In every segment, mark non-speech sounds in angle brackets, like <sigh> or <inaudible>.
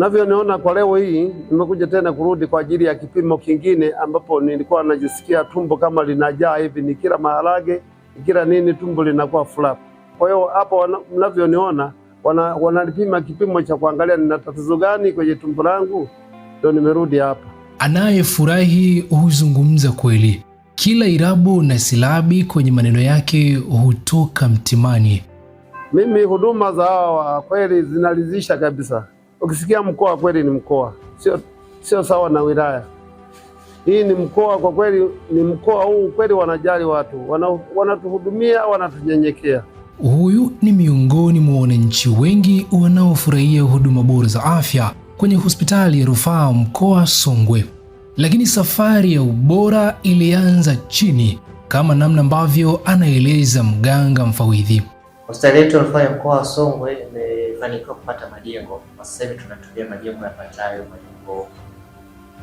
navyoniona kwa leo hii, nimekuja tena kurudi kwa ajili ya kipimo kingine, ambapo nilikuwa najisikia tumbo kama linajaa hivi, nikila maharage kila nini, tumbo linakuwa flap. Kwa hiyo hapo mnavyoniona, wana, wanalipima kipimo cha kuangalia nina tatizo gani kwenye tumbo langu, ndio nimerudi hapa. Anayefurahi huzungumza kweli, kila irabu na silabi kwenye maneno yake hutoka mtimani. Mimi huduma za hawa kweli zinalizisha kabisa. Ukisikia mkoa kweli ni mkoa, sio sio sawa na wilaya. Hii ni mkoa kwa kweli, ni mkoa huu kweli, wanajali watu, wanatuhudumia, wanatunyenyekea. Huyu ni miongoni mwa wananchi wengi wanaofurahia huduma bora za afya kwenye hospitali ya rufaa mkoa Songwe. Lakini safari ya ubora ilianza chini, kama namna ambavyo anaeleza mganga mfawidhi. Hospitali yetu ya rufaa ya mkoa wa Songwe ni tulifanikiwa kupata majengo kwa sasa hivi tunatumia majengo yapatayo majengo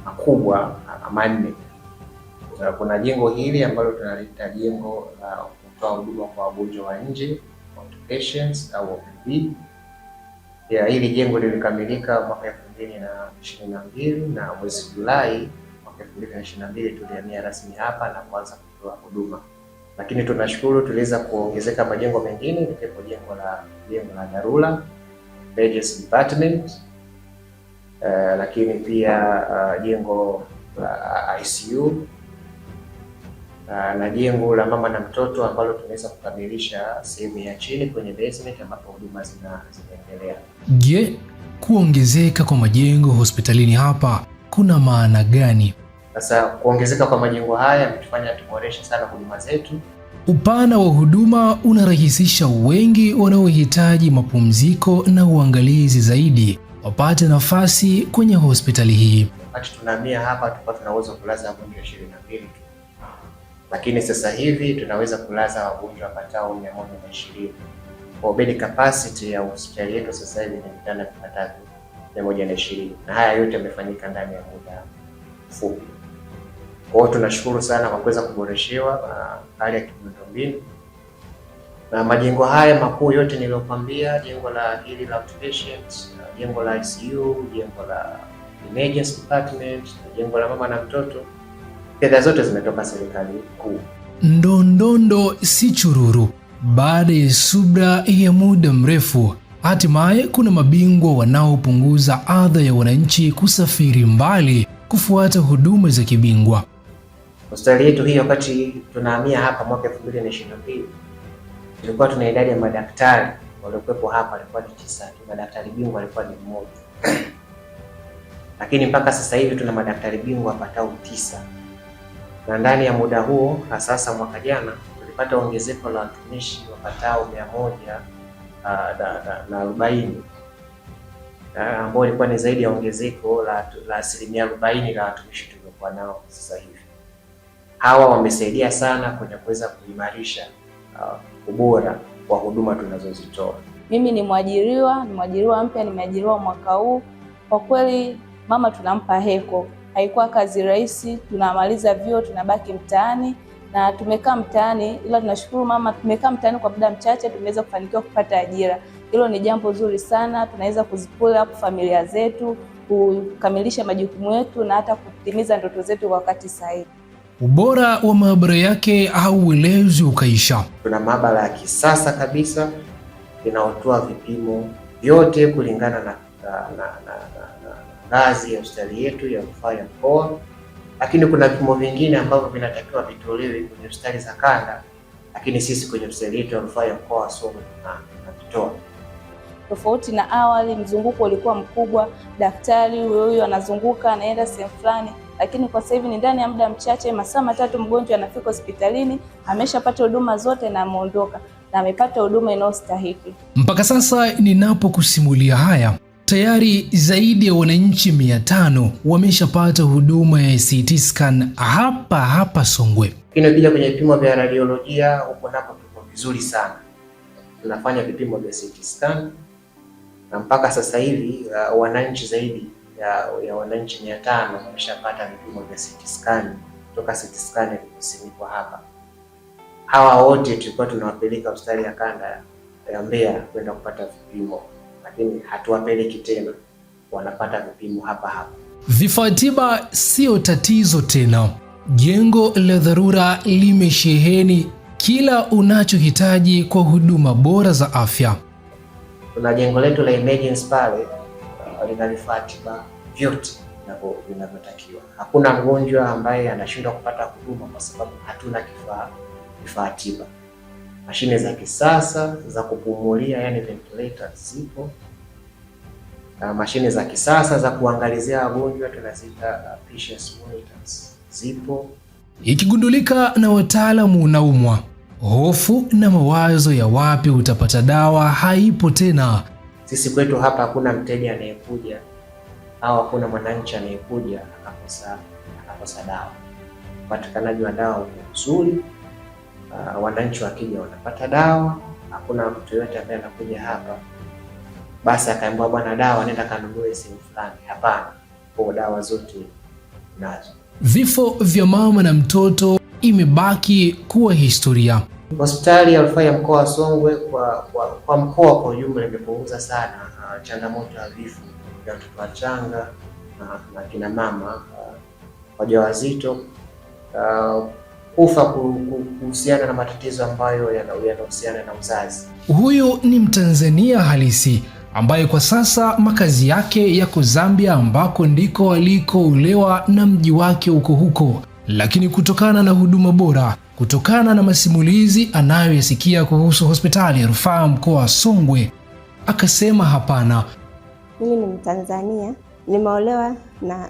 makubwa manne. Kuna jengo hili ambalo tunalita jengo la uh, kutoa huduma kwa wagonjwa wa nje patients au OPD. Ya, hili jengo lilikamilika mwaka elfu mbili na ishirini na mbili na mwezi Julai mwaka elfu mbili na ishirini na mbili tulihamia rasmi hapa na kuanza kutoa huduma, lakini tunashukuru tuliweza kuongezeka majengo mengine likiwepo jengo la jengo la dharura Pages Department uh, eh, lakini pia uh, jengo la uh, eh, ICU uh, na jengo la mama na mtoto ambalo tunaweza kukamilisha sehemu ya chini kwenye basement ambapo huduma zinaendelea. Je, kuongezeka kwa majengo hospitalini hapa kuna maana gani? Sasa kuongezeka kwa majengo haya yametufanya tuboreshe sana huduma zetu Upana wa huduma unarahisisha wengi wanaohitaji mapumziko na uangalizi zaidi wapate nafasi kwenye hospitali hii. Wakati Tunahamia hapa tulikuwa tuna uwezo kulaza wagonjwa 22 tu, lakini sasa hivi tunaweza kulaza wagonjwa wapatao 120. Kwa bed capacity ya hospitali yetu sasa hivi ni vitanda vipatavyo 120, na haya yote yamefanyika ndani ya muda mfupi. Kwa hiyo tunashukuru sana kwa kuweza kuboreshewa uh, hali ya miundombinu na majengo haya makuu yote niliyopambia, jengo la hili la outpatient, uh, jengo la ICU, jengo la emergency department jengo la mama na mtoto, fedha zote zimetoka serikali kuu. Ndondondo si chururu. Baada ya subra ya muda mrefu, hatimaye kuna mabingwa wanaopunguza adha ya wananchi kusafiri mbali kufuata huduma za kibingwa. Hospitali yetu hii wakati tunahamia hapa mwaka 2022 tulikuwa tuna idadi ya madaktari waliokuwepo hapa walikuwa ni tisa, tu, madaktari bingwa alikuwa ni mmoja, <clears throat> lakini mpaka sasa hivi tuna madaktari bingwa wapatao tisa, na ndani ya muda huo na sasa mwaka jana tulipata ongezeko la watumishi wapatao mia moja ah, na arobaini ambao ilikuwa ni zaidi ya ongezeko la asilimia arobaini la watumishi tuliokuwa nao sasa hivi hawa wamesaidia sana kwenye kuweza kuimarisha uh, ubora wa huduma tunazozitoa. Mimi ni mwajiriwa, ni mwajiriwa mpya, nimeajiriwa mwaka huu. Kwa kweli mama tunampa heko, haikuwa kazi rahisi. Tunamaliza vyuo tunabaki mtaani na tumekaa mtaani, ila tunashukuru mama, tumekaa mtaani kwa muda mchache, tumeweza kufanikiwa kupata ajira. Hilo ni jambo zuri sana, tunaweza kuzikula familia zetu, kukamilisha majukumu yetu na hata kutimiza ndoto zetu kwa wakati sahihi ubora wa maabara yake hauelezi ukaisha. Tuna maabara ya kisasa kabisa inayotoa vipimo vyote kulingana na ngazi ya hospitali yetu ya rufaa ya mkoa, lakini kuna vipimo vingine ambavyo vinatakiwa vitolewe kwenye hospitali za kanda, lakini sisi kwenye hospitali yetu ya rufaa ya mkoa wa Songwe tunavitoa. Tofauti na awali, mzunguko ulikuwa mkubwa, daktari huyo huyo anazunguka anaenda sehemu fulani lakini kwa sasa hivi ni ndani ya muda mchache, masaa matatu, mgonjwa anafika hospitalini, ameshapata huduma zote na ameondoka na amepata huduma inayostahiki. Mpaka sasa ninapokusimulia haya tayari zaidi ya wananchi mia tano wameshapata huduma ya CT scan hapa hapa Songwe. Kinakuja kwenye vipimo vya radiolojia, huko napo tuko vizuri sana, tunafanya vipimo vya CT scan na mpaka sasa hivi uh, wananchi zaidi ya, ya wananchi mia tano wameshapata vipimo vya CT scan toka CT scan iliposimikwa hapa. Hawa wote tulikuwa tunawapeleka hospitali ya kanda ya Mbeya kwenda kupata vipimo, lakini hatuwapeleki tena, wanapata vipimo hapa hapa. Vifaa tiba sio tatizo tena, jengo la dharura limesheheni kila unachohitaji kwa huduma bora za afya. Kuna jengo letu la emergency pale linalifuatilia vyote vinavyotakiwa. Hakuna mgonjwa ambaye anashindwa kupata huduma kwa sababu hatuna kifaa vifaa tiba. Mashine za kisasa za kupumulia, yani ventilator zipo. na mashine za kisasa za kuangalizia wagonjwa tunaziita uh, patient monitors zipo. Ikigundulika na wataalamu unaumwa, hofu na mawazo ya wapi utapata dawa haipo tena. Sisi kwetu hapa hakuna mteja anayekuja au hakuna mwananchi anayekuja akakosa akakosa dawa. Upatikanaji wa dawa uko mzuri, uh, wananchi wakija wanapata dawa. Hakuna mtu yoyote ambaye anakuja hapa basi akaambiwa bwana, dawa nenda kanunue sehemu fulani. Hapana, kwa dawa zote nazo. Vifo vya mama na mtoto imebaki kuwa historia. Hospitali ya Rufaa ya Mkoa wa Songwe kwa, kwa, kwa mkoa kwa ujumla imepunguza sana uh, changamoto ya vifo vya watoto wachanga uh, na kina mama uh, wajawazito uh, kufa kuhusiana na matatizo ambayo yanahusiana na uzazi. Huyu ni Mtanzania halisi ambaye kwa sasa makazi yake yako Zambia ambako ndiko alikoolewa na mji wake huko huko, lakini kutokana na huduma bora kutokana na masimulizi anayoyasikia kuhusu hospitali ya rufaa mkoa wa Songwe, akasema hapana, mimi ni Mtanzania, nimeolewa na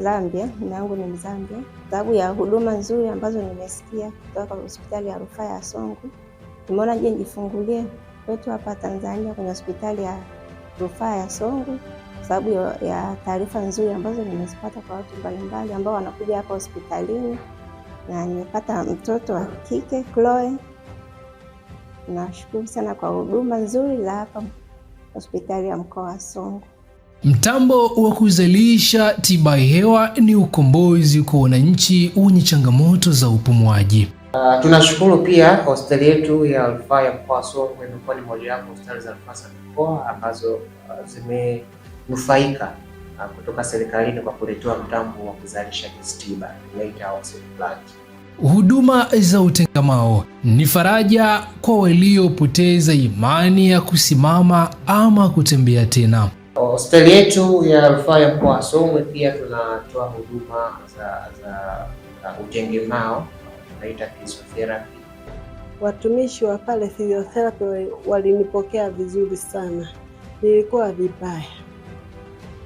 Zambia, mume wangu ni Mzambia, sababu ya huduma nzuri ambazo nimesikia kutoka hospitali ya rufaa ya Songwe, nimeona je, nijifungulie kwetu hapa Tanzania kwenye hospitali ya rufaa ya Songwe sababu ya taarifa nzuri ambazo nimezipata kwa watu mbalimbali ambao wanakuja hapa hospitalini na nimepata mtoto wa kike Chloe. Nashukuru sana kwa huduma nzuri za hapa hospitali ya mkoa wa Songwe. Mtambo wa kuzalisha tiba hewa ni ukombozi kwa wananchi wenye changamoto za upumuaji. Uh, tunashukuru pia hospitali yetu ya rufaa ya mkoa wa Songwe imekuwa ni mojawapo hospitali za rufaa za mkoa ambazo uh, zimenufaika Ah, kutoka serikalini kwa kuletewa mtambo wa kuzalisha gesi tiba later oxygen plant. Huduma za utengamao ni faraja kwa waliopoteza imani ya kusimama ama kutembea tena. Hospitali yetu ya rufaa ya mkoa wa Songwe pia tunatoa huduma za, za, za utengemao tunaita physiotherapy. Watumishi wa pale physiotherapy walinipokea vizuri sana, nilikuwa vibaya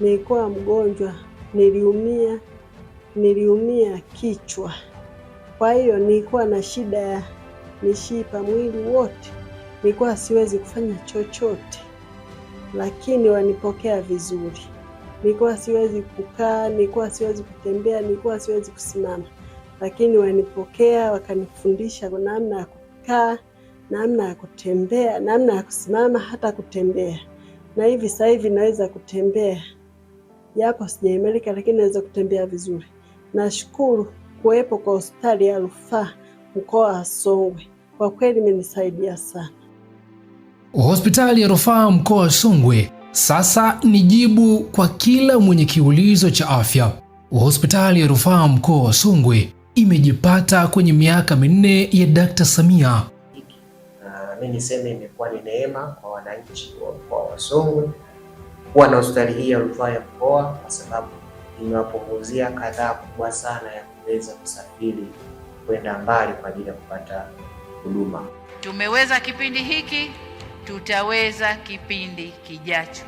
nilikuwa mgonjwa, niliumia, niliumia kichwa, kwa hiyo nilikuwa na shida ya mishipa mwili wote, nilikuwa siwezi kufanya chochote, lakini wanipokea vizuri. Nilikuwa siwezi kukaa, nilikuwa siwezi kutembea, nilikuwa siwezi kusimama, lakini wanipokea, wakanifundisha namna ya kukaa, namna ya kutembea, namna ya kusimama, hata kutembea, na hivi sasa hivi naweza kutembea japo sijaimarika, lakini naweza kutembea vizuri. Nashukuru kuwepo kwa hospitali ya rufaa mkoa wa Songwe, kwa kweli imenisaidia sana. Hospitali ya rufaa mkoa wa Songwe sasa ni jibu kwa kila mwenye kiulizo cha afya. Hospitali ya rufaa mkoa wa Songwe imejipata kwenye miaka minne ya Dkt. Samia. Uh, mimi niseme imekuwa ni neema kwa wananchi wa mkoa wa Songwe kuwa na hospitali hii ya rufaa ya mkoa kwa sababu imewapunguzia kadhaa kubwa sana ya kuweza kusafiri kwenda mbali kwa ajili ya kupata huduma. Tumeweza kipindi hiki, tutaweza kipindi kijacho.